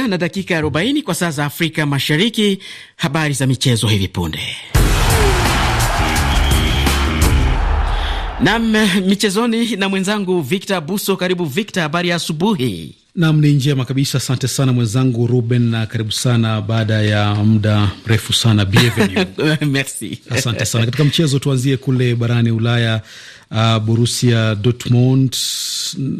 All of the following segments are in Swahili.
Saa na dakika 40 kwa saa za Afrika Mashariki. Habari za michezo hivi punde. Nam michezoni na mwenzangu Victor Buso. Karibu Victor, habari ya asubuhi. Nam ni njema kabisa, asante sana mwenzangu Ruben, na karibu sana baada ya muda mrefu sana. Merci. Asante sana. Katika mchezo tuanzie kule barani Ulaya Uh, Borusia Dortmund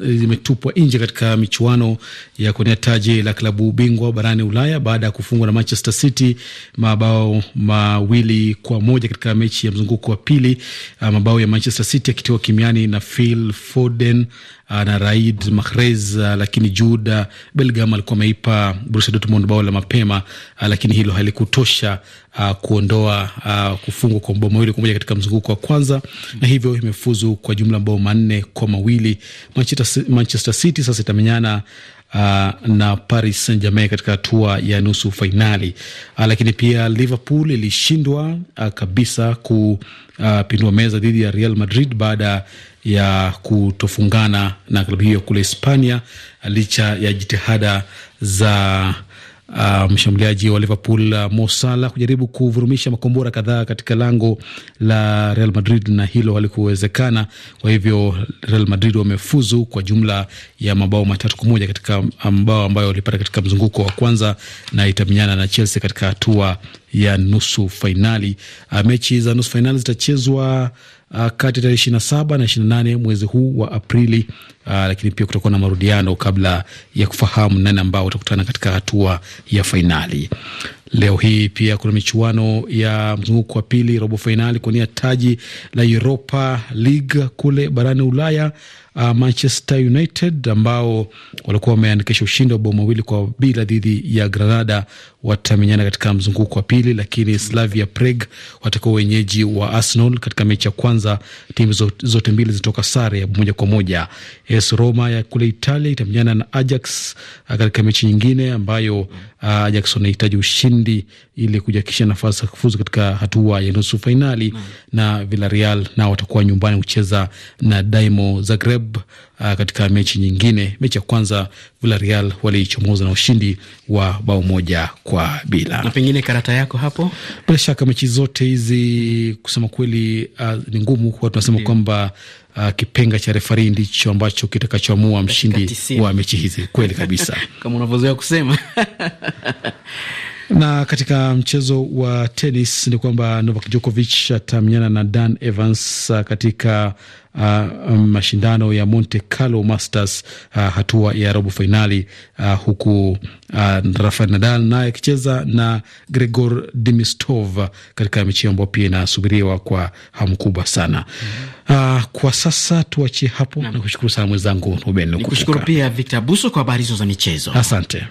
eh, imetupwa nje katika michuano ya kuonea taji la klabu bingwa barani Ulaya baada ya kufungwa na Manchester City mabao mawili kwa moja katika mechi ya mzunguko wa pili. Uh, mabao ya Manchester City yakitiwa kimiani na Phil Foden uh, na Raid Mahrez uh, lakini juda Belgam alikuwa ameipa Borussia Dortmund bao la mapema uh, lakini hilo halikutosha uh, kuondoa uh, kufungwa kwa mabao mawili kwa moja katika mzunguko wa kwanza na hivyo imefuzu kwa jumla mabao manne kwa mawili. Manchester, Manchester City sasa itamenyana Uh, na Paris Saint-Germain katika hatua ya nusu fainali. Uh, lakini pia Liverpool ilishindwa uh, kabisa kupindua uh, meza dhidi ya Real Madrid baada ya kutofungana na klabu hiyo kule Hispania, uh, licha ya jitihada za uh, mshambuliaji wa Liverpool uh, Mo Salah kujaribu kuvurumisha makombora kadhaa katika lango la Real Madrid na hilo halikuwezekana. Kwa hivyo Real Madrid wamefuzu kwa jumla ya mabao matatu kwa moja katika mabao ambayo walipata katika mzunguko wa kwanza, na itamenyana na Chelsea katika hatua ya nusu fainali. Uh, ah, mechi za nusu fainali zitachezwa uh, kati ya tarehe 27 na 28 mwezi huu wa Aprili, uh, lakini pia kutakuwa na marudiano kabla ya kufahamu nani ambao watakutana katika hatua ya fainali. Leo hii pia kuna michuano ya mzunguko wa pili robo fainali kuania taji la Europa League kule barani Ulaya. Uh, Manchester United ambao walikuwa wameandikisha ushindi wa bao mawili kwa bila dhidi ya Granada watamenyana katika mzunguko wa pili, lakini Slavia Prague watakuwa wenyeji wa Arsenal. Katika mechi ya kwanza timu zote mbili zitoka sare ya moja kwa moja. AS Roma ya kule Italia itamenyana na Ajax uh, katika mechi nyingine ambayo uh, Jackson anahitaji ushindi ili kujakisha nafasi ya kufuzu katika hatua ya nusu fainali mm. na Villarreal nao watakuwa nyumbani kucheza na daimo Zagreb uh, katika mechi nyingine. Mechi ya kwanza Villarreal waliichomoza na ushindi wa bao moja kwa bila. Na pengine karata yako hapo, bila shaka mechi zote hizi kusema kweli uh, ni ngumu. watu tunasema kwamba uh, kipenga cha refari ndicho ambacho kitakachoamua mshindi wa mechi hizi. Kweli kabisa kama unavyozoea kusema na katika mchezo wa tenis ni kwamba Novak Djokovic atamenyana na Dan Evans ah, katika uh, mashindano ya Monte Carlo Masters uh, hatua ya robo fainali uh, huku uh, Rafael Nadal naye akicheza na Gregor Dimitrov katika mechi ambayo pia inasubiriwa kwa hamu kubwa sana. mm -hmm. Uh, kwa sasa tuachie hapo na kushukuru sana mwenzangu Ruben. Nikushukuru pia Victor Buso kwa habari hizo za michezo, asante.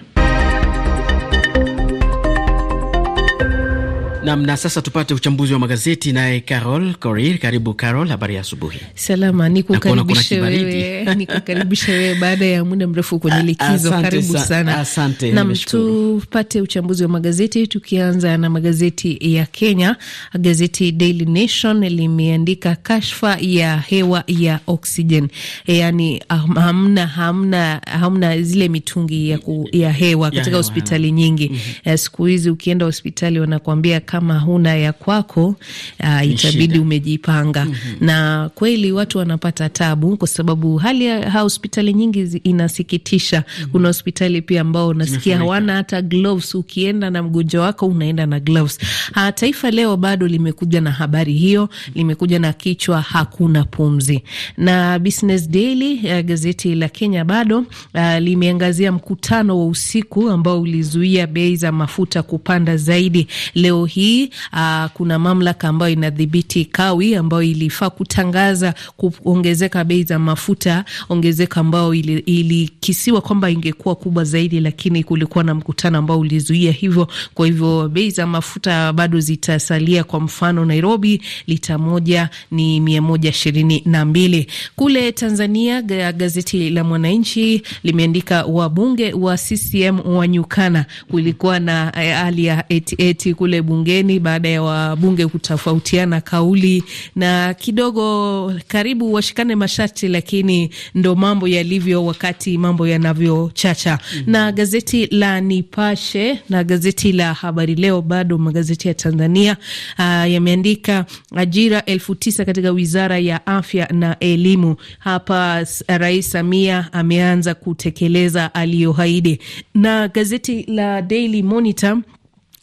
Nam na sasa tupate uchambuzi wa magazeti naye Carol Korir. Karibu Carol, habari ya asubuhi. Salama, nikukaribishe wewe, nikukaribishe wewe baada ya muda mrefu kwenye likizo. Karibu sana. Asante. Nam, tupate uchambuzi wa magazeti tukianza na magazeti ya Kenya. Gazeti Daily Nation limeandika kashfa ya hewa ya oksijen, e, yaani ah, hamna, hamna, hamna zile mitungi ya, ku, ya hewa katika ya hewa, hospitali nyingi. Mm -hmm. Siku hizi ukienda hospitali wanakuambia kama huna ya kwako, uh, itabidi umejipanga. mm -hmm. Na kweli watu wanapata tabu, kwa sababu hali ya hospitali nyingi inasikitisha. mm -hmm. Kuna hospitali pia ambao unasikia hawana hata gloves, ukienda na mgonjwa wako unaenda na gloves. Ha, ah, Taifa Leo bado limekuja na habari hiyo, limekuja na kichwa hakuna pumzi, na Business Daily uh, gazeti la Kenya bado uh, limeangazia mkutano wa usiku ambao ulizuia bei za mafuta kupanda zaidi leo hii hii uh, kuna mamlaka ambayo inadhibiti kawi ambayo ilifaa kutangaza kuongezeka bei za mafuta, ongezeka ambayo ilikisiwa ili kwamba ingekuwa kubwa zaidi, lakini kulikuwa na mkutano ambao ulizuia hivyo. Kwa hivyo bei za mafuta bado zitasalia. Kwa mfano Nairobi lita moja ni mia moja ishirini na mbili. Kule Tanzania gazeti la Mwananchi limeandika wabunge wa CCM wanyukana. Kulikuwa na eh, hali ya etieti kule bunge bungeni baada ya wabunge kutofautiana kauli na kidogo karibu washikane mashati, lakini ndo mambo yalivyo wakati mambo yanavyochacha. mm -hmm. Na gazeti la Nipashe na gazeti la Habari Leo, bado magazeti ya Tanzania ah, yameandika ajira elfu tisa katika wizara ya afya na elimu. Hapa Rais Samia ameanza kutekeleza aliyohaidi. Na gazeti la Daily Monitor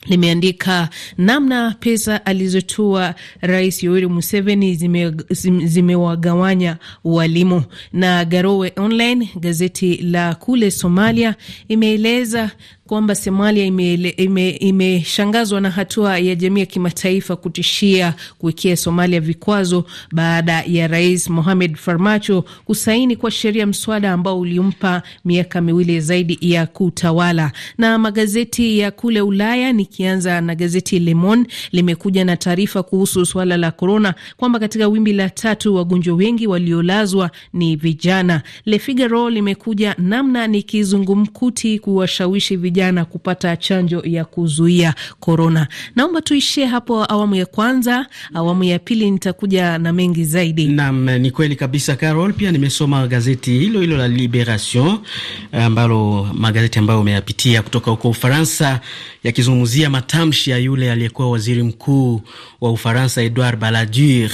limeandika namna pesa alizotoa Rais Yoweri Museveni zimewagawanya zime, zime walimu. Na Garowe Online, gazeti la kule Somalia, imeeleza kwamba Somalia imeshangazwa ime, ime na hatua ya jamii ya kimataifa kutishia kuwekea Somalia vikwazo baada ya Rais Mohamed Farmacho kusaini kwa sheria mswada ambao ulimpa miaka miwili zaidi ya kutawala. Na magazeti ya kule Ulaya, nikianza na gazeti Le Monde, limekuja na taarifa kuhusu suala la korona kwamba katika wimbi la tatu wagonjwa wengi waliolazwa ni vijana. Le Figaro limekuja namna ni kizungumkuti kuwashawishi vijana vijana kupata chanjo ya kuzuia korona. Naomba tuishie hapo awamu ya kwanza. Awamu ya pili nitakuja na mengi zaidi. Naam, ni kweli kabisa Carol. Pia nimesoma gazeti hilo hilo la Liberation ambalo magazeti ambayo umeyapitia kutoka huko Ufaransa yakizungumzia matamshi ya yule aliyekuwa waziri mkuu wa Ufaransa Edouard Balladur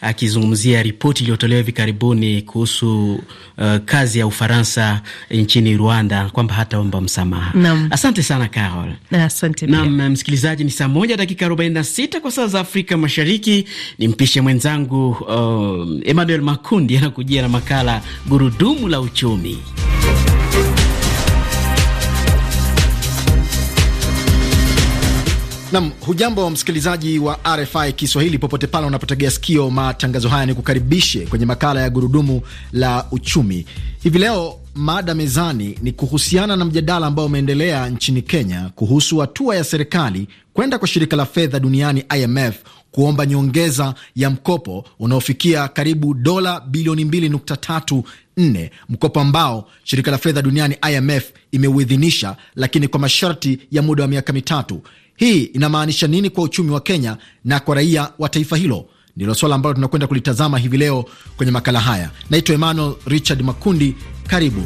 akizungumzia ripoti iliyotolewa hivi karibuni kuhusu uh, kazi ya Ufaransa nchini Rwanda kwamba hataomba msamaha. Asante sana Carol. Asante nam. Msikilizaji, ni saa moja dakika 46 kwa saa za Afrika Mashariki. Ni mpishe mwenzangu uh, Emmanuel Makundi anakujia na makala gurudumu la uchumi. Nam, hujambo msikilizaji wa RFI Kiswahili popote pale unapotegea sikio matangazo haya, ni kukaribishe kwenye makala ya gurudumu la uchumi hivi leo. Mada mezani ni kuhusiana na mjadala ambao umeendelea nchini Kenya kuhusu hatua ya serikali kwenda kwa shirika la fedha duniani IMF kuomba nyongeza ya mkopo unaofikia karibu dola bilioni 2.34, mkopo ambao shirika la fedha duniani IMF imeuidhinisha, lakini kwa masharti ya muda wa miaka mitatu. Hii inamaanisha nini kwa uchumi wa Kenya na kwa raia wa taifa hilo? Ndilo swala ambalo tunakwenda kulitazama hivi leo kwenye makala haya. Naitwa Emmanuel Richard Makundi, karibu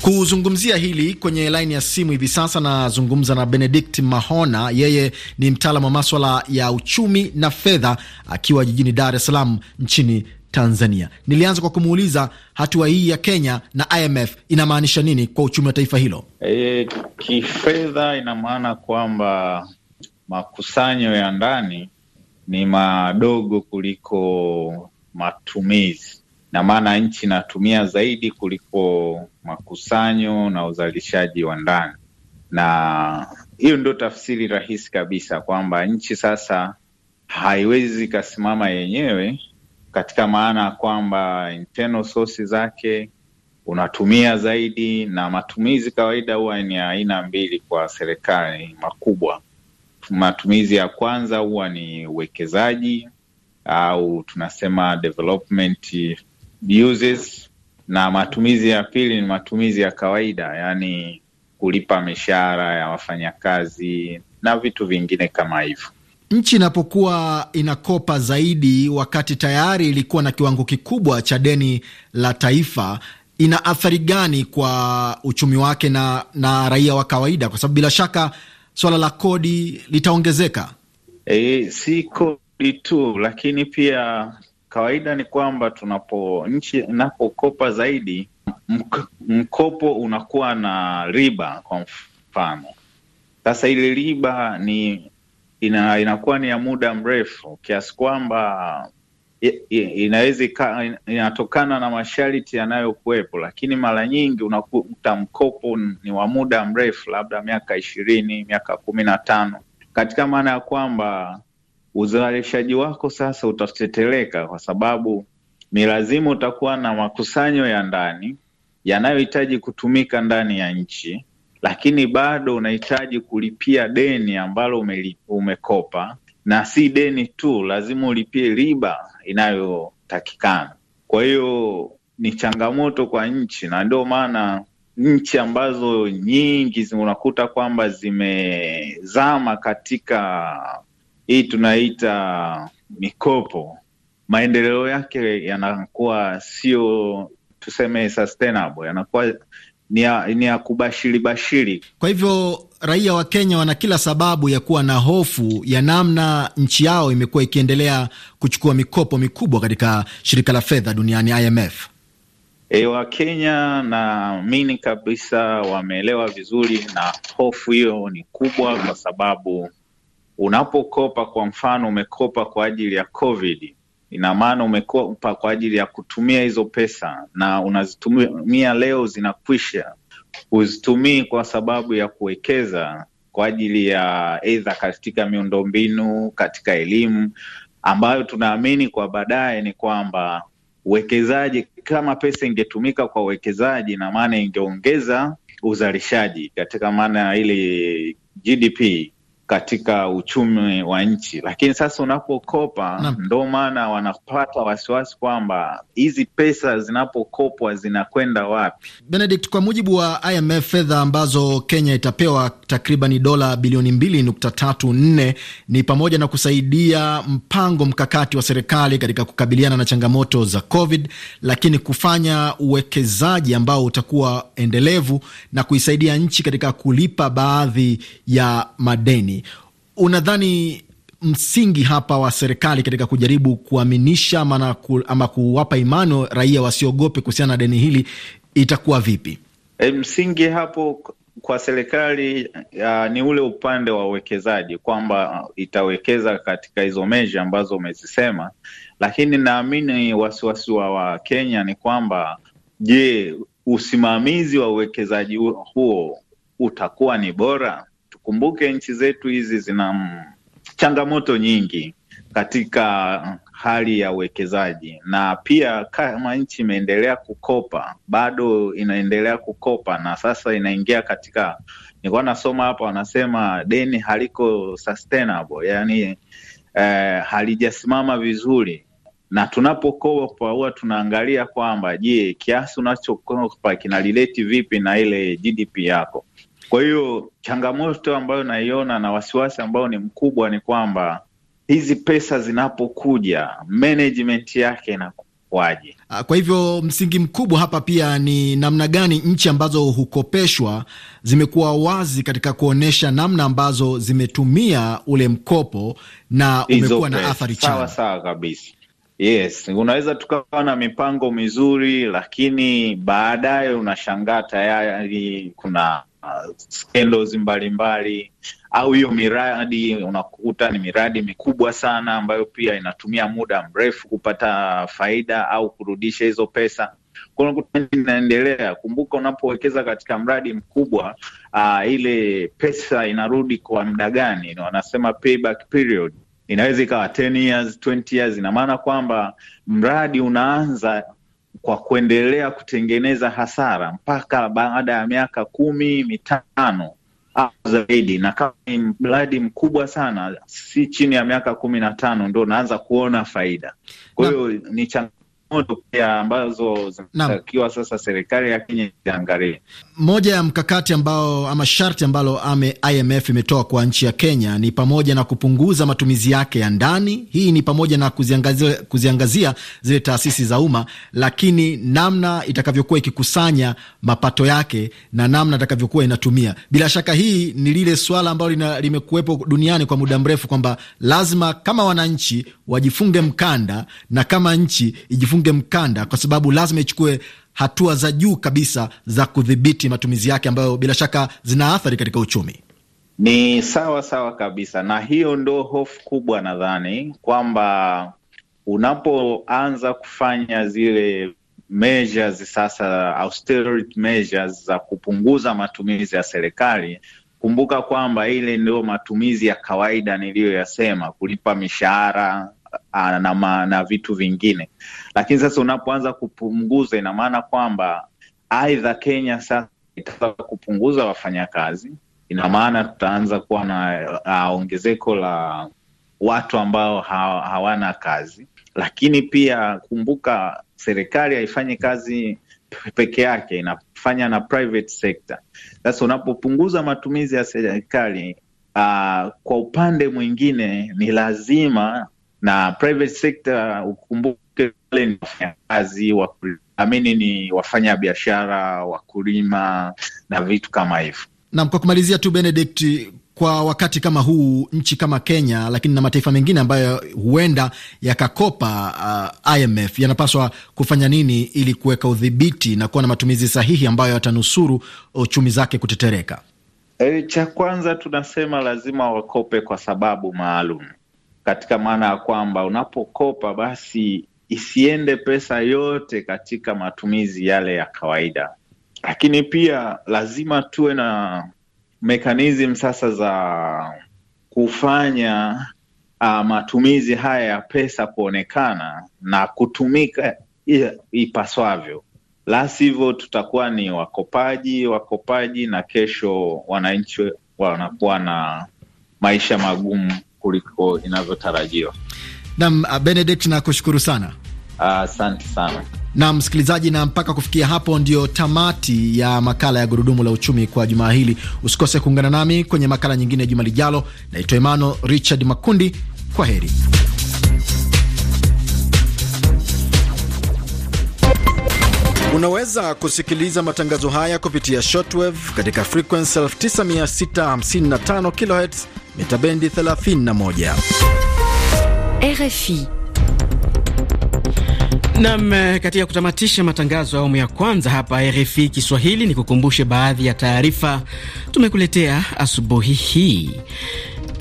kuzungumzia hili kwenye laini ya simu hivi sasa. Nazungumza na Benedict Mahona, yeye ni mtaalam wa maswala ya uchumi na fedha, akiwa jijini Dar es Salaam nchini Tanzania. Nilianza kwa kumuuliza hatua hii ya Kenya na IMF inamaanisha nini kwa uchumi wa taifa hilo? E, kifedha ina maana kwamba makusanyo ya ndani ni madogo kuliko matumizi, na maana nchi inatumia zaidi kuliko makusanyo na uzalishaji wa ndani, na hiyo ndio tafsiri rahisi kabisa kwamba nchi sasa haiwezi ikasimama yenyewe katika maana ya kwamba internal zake unatumia zaidi, na matumizi kawaida huwa ni aina mbili kwa serikali makubwa. Matumizi ya kwanza huwa ni uwekezaji au tunasema development uses, na matumizi ya pili ni matumizi ya kawaida, yaani kulipa mishahara ya wafanyakazi na vitu vingine kama hivyo. Nchi inapokuwa inakopa zaidi wakati tayari ilikuwa na kiwango kikubwa cha deni la taifa, ina athari gani kwa uchumi wake na, na raia wa kawaida? Kwa sababu bila shaka swala la kodi litaongezeka. E, si kodi tu, lakini pia kawaida ni kwamba tunapo nchi inapokopa zaidi, mkopo unakuwa na riba, kwa mfano sasa ile riba ni ina inakuwa ni ya muda mrefu kiasi kwamba inaweza inatokana na masharti yanayokuwepo, lakini mara nyingi unakuta mkopo ni wa muda mrefu, labda miaka ishirini, miaka kumi na tano, katika maana ya kwamba uzalishaji wako sasa utateteleka, kwa sababu ni lazima utakuwa na makusanyo ya ndani yanayohitaji kutumika ndani ya nchi lakini bado unahitaji kulipia deni ambalo ume, umekopa na si deni tu, lazima ulipie riba inayotakikana. Kwa hiyo ni changamoto kwa nchi, na ndio maana nchi ambazo nyingi unakuta kwamba zimezama katika hii tunaita mikopo, maendeleo yake yanakuwa sio tuseme sustainable, yanakuwa ni ya, ni ya kubashiri bashiri. Kwa hivyo raia wa Kenya wana kila sababu ya kuwa na hofu ya namna nchi yao imekuwa ikiendelea kuchukua mikopo mikubwa katika shirika la fedha duniani IMF. E, Wakenya naamini kabisa wameelewa vizuri, na hofu hiyo ni kubwa, kwa sababu unapokopa kwa mfano umekopa kwa ajili ya COVID Ina maana umekopa kwa ajili ya kutumia hizo pesa, na unazitumia leo zinakwisha, huzitumii kwa sababu ya kuwekeza kwa ajili ya edha katika miundombinu, katika elimu ambayo tunaamini kwa baadaye ni kwamba uwekezaji, kama pesa ingetumika kwa uwekezaji, na maana ingeongeza uzalishaji katika maana ya ile GDP katika uchumi wa nchi. Lakini sasa unapokopa, ndo maana wanapata wasiwasi kwamba hizi pesa zinapokopwa zinakwenda wapi. Benedict, kwa mujibu wa IMF fedha ambazo Kenya itapewa takriban dola bilioni mbili nukta tatu nne ni pamoja na kusaidia mpango mkakati wa serikali katika kukabiliana na changamoto za COVID, lakini kufanya uwekezaji ambao utakuwa endelevu na kuisaidia nchi katika kulipa baadhi ya madeni unadhani msingi hapa wa serikali katika kujaribu kuaminisha ama, ku, ama kuwapa imani raia wasiogope kuhusiana na deni hili itakuwa vipi? E, msingi hapo kwa serikali uh, ni ule upande wa uwekezaji kwamba itawekeza katika hizo meji ambazo umezisema, lakini naamini wasiwasi wa Wakenya ni kwamba je, usimamizi wa uwekezaji huo utakuwa ni bora? Kumbuke nchi zetu hizi zina mm, changamoto nyingi katika hali ya uwekezaji na pia kama nchi imeendelea kukopa bado inaendelea kukopa, na sasa inaingia katika, nilikuwa nasoma hapa wanasema deni haliko sustainable, yani eh, halijasimama vizuri. Na tunapokopa huwa tunaangalia kwamba je, kiasi unachokopa kina rileti vipi na ile GDP yako kwa hiyo changamoto ambayo naiona na wasiwasi ambao ni mkubwa ni kwamba hizi pesa zinapokuja management yake inakuwaje? Ah, kwa hivyo msingi mkubwa hapa pia ni namna gani nchi ambazo hukopeshwa zimekuwa wazi katika kuonyesha namna ambazo zimetumia ule mkopo na umekuwa na athari chanya. Sawa sawa kabisa. Yes, unaweza tukawa na mipango mizuri, lakini baadaye unashangaa tayari kuna scandals uh, mbalimbali au hiyo miradi unakuta ni miradi mikubwa sana ambayo pia inatumia muda mrefu kupata faida au kurudisha hizo pesa inaendelea. Kumbuka, unapowekeza katika mradi mkubwa uh, ile pesa inarudi kwa muda gani? Wanasema payback period inaweza ikawa 10 years, 20 years. Ina maana kwamba mradi unaanza kwa kuendelea kutengeneza hasara mpaka baada ya miaka kumi mitano au zaidi, na kama ni mradi mkubwa sana, si chini ya miaka kumi na tano ndo unaanza kuona faida. Kwa hiyo ni changamoto changamoto pia ambazo zinatakiwa sasa serikali ya Kenya iangalie. Moja ya mkakati ambao ama sharti ambalo ame IMF imetoa kwa nchi ya Kenya ni pamoja na kupunguza matumizi yake ya ndani. Hii ni pamoja na kuziangazia, kuziangazia zile taasisi za umma, lakini namna itakavyokuwa ikikusanya mapato yake na namna itakavyokuwa inatumia. Bila shaka hii ni lile swala ambalo limekuwepo duniani kwa muda mrefu kwamba lazima kama wananchi wajifunge mkanda na kama nchi ijifunge ifunge mkanda, kwa sababu lazima ichukue hatua za juu kabisa za kudhibiti matumizi yake ambayo bila shaka zina athari katika uchumi. Ni sawa sawa kabisa, na hiyo ndo hofu kubwa nadhani kwamba unapoanza kufanya zile measures sasa, austerity measures za kupunguza matumizi ya serikali, kumbuka kwamba ile ndio matumizi ya kawaida niliyoyasema, kulipa mishahara Ah, na, na, na vitu vingine. Lakini sasa unapoanza kupunguza, ina maana kwamba aidha Kenya sasa itaanza kupunguza wafanyakazi, ina maana tutaanza kuwa na ah, ongezeko la watu ambao ha, hawana kazi. Lakini pia kumbuka, serikali haifanyi kazi peke yake, inafanya na private sector. Sasa unapopunguza matumizi ya serikali, uh, kwa upande mwingine ni lazima na private sector ukumbuke, wale ni wafanyakazi waamini, ni wafanya biashara, wakulima na vitu kama hivyo. Nam, kwa kumalizia tu Benedict, kwa wakati kama huu nchi kama Kenya, lakini na mataifa mengine ambayo huenda yakakopa uh, IMF yanapaswa kufanya nini ili kuweka udhibiti na kuwa na matumizi sahihi ambayo yatanusuru uchumi zake kutetereka? E, cha kwanza tunasema lazima wakope kwa sababu maalum katika maana ya kwamba unapokopa basi isiende pesa yote katika matumizi yale ya kawaida, lakini pia lazima tuwe na mekanizm sasa za kufanya uh, matumizi haya ya pesa kuonekana na kutumika ipaswavyo, la sivyo tutakuwa ni wakopaji wakopaji, na kesho wananchi wanakuwa na maisha magumu kuliko inavyotarajiwa. Nam ah, Benedict nakushukuru sana. Asante uh, sana na msikilizaji, na mpaka kufikia hapo ndio tamati ya makala ya gurudumu la uchumi kwa jumaa hili. Usikose kuungana nami kwenye makala nyingine juma lijalo. Naitwa Emmanuel Richard Makundi, kwa heri. Unaweza kusikiliza matangazo haya kupitia shortwave katika frequency 9655 kHz mitabendi 31 RFI. Nam, eh, katika kutamatisha matangazo ya awamu ya kwanza hapa RFI Kiswahili, ni kukumbushe baadhi ya taarifa tumekuletea asubuhi hii.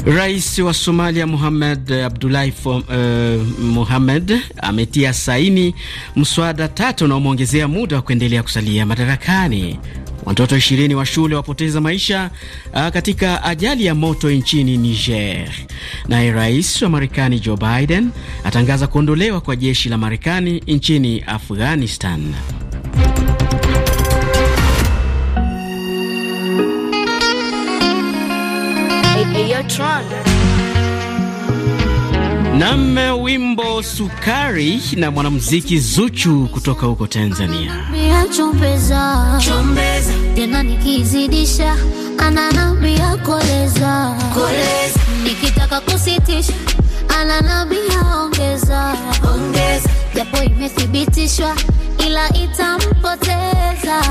Rais wa Somalia Muhamed Abdulahi uh, eh, Muhamed ametia saini mswada tatu unaomwongezea muda wa kuendelea kusalia madarakani. Watoto ishirini wa shule wapoteza maisha uh, katika ajali ya moto nchini Niger. Naye rais wa Marekani Joe Biden atangaza kuondolewa kwa jeshi la Marekani nchini Afghanistan. Nam wimbo sukari na mwanamuziki Zuchu kutoka huko Tanzania. Chombeza, Tena nikizidisha ananambia koleza, Nikitaka kusitisha ananambia ongeza. Japo imethibitishwa ila itampoteza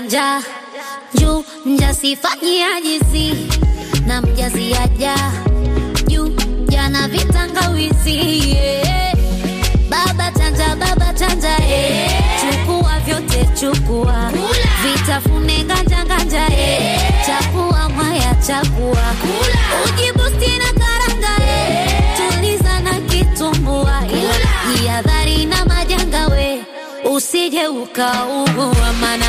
nja juu mjasifanyiajizi na mjaziaja juu jana vitangawizi yeah. baba chanja, baba chanja chukua vyote chukua vitafune ganja ganja chakua mwaya chakua ujibusti na karanga yeah. tuliza na kitumbua ila na majanga we usije ukaugua mana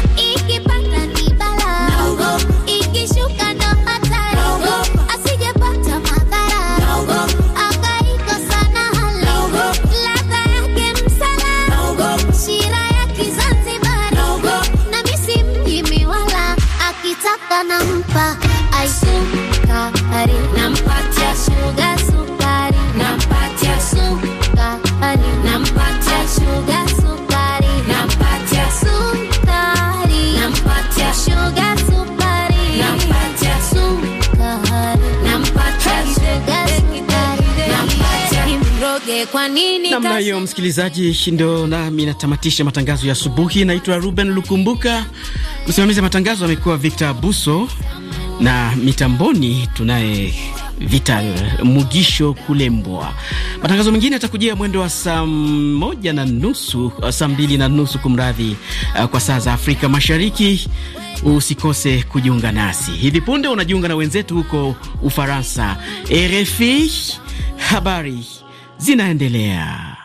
namna hiyo, msikilizaji, shindo nami natamatisha matangazo ya asubuhi. Naitwa Ruben Lukumbuka, msimamizi wa matangazo amekuwa Victor Buso na mitamboni tunaye Vital Mugisho Kulembwa. Matangazo mengine yatakujia mwendo wa saa moja na nusu, uh, saa mbili na nusu kumradhi, uh, kwa saa za Afrika Mashariki. Usikose kujiunga nasi. Hivi punde unajiunga na wenzetu huko Ufaransa. RFI habari zinaendelea.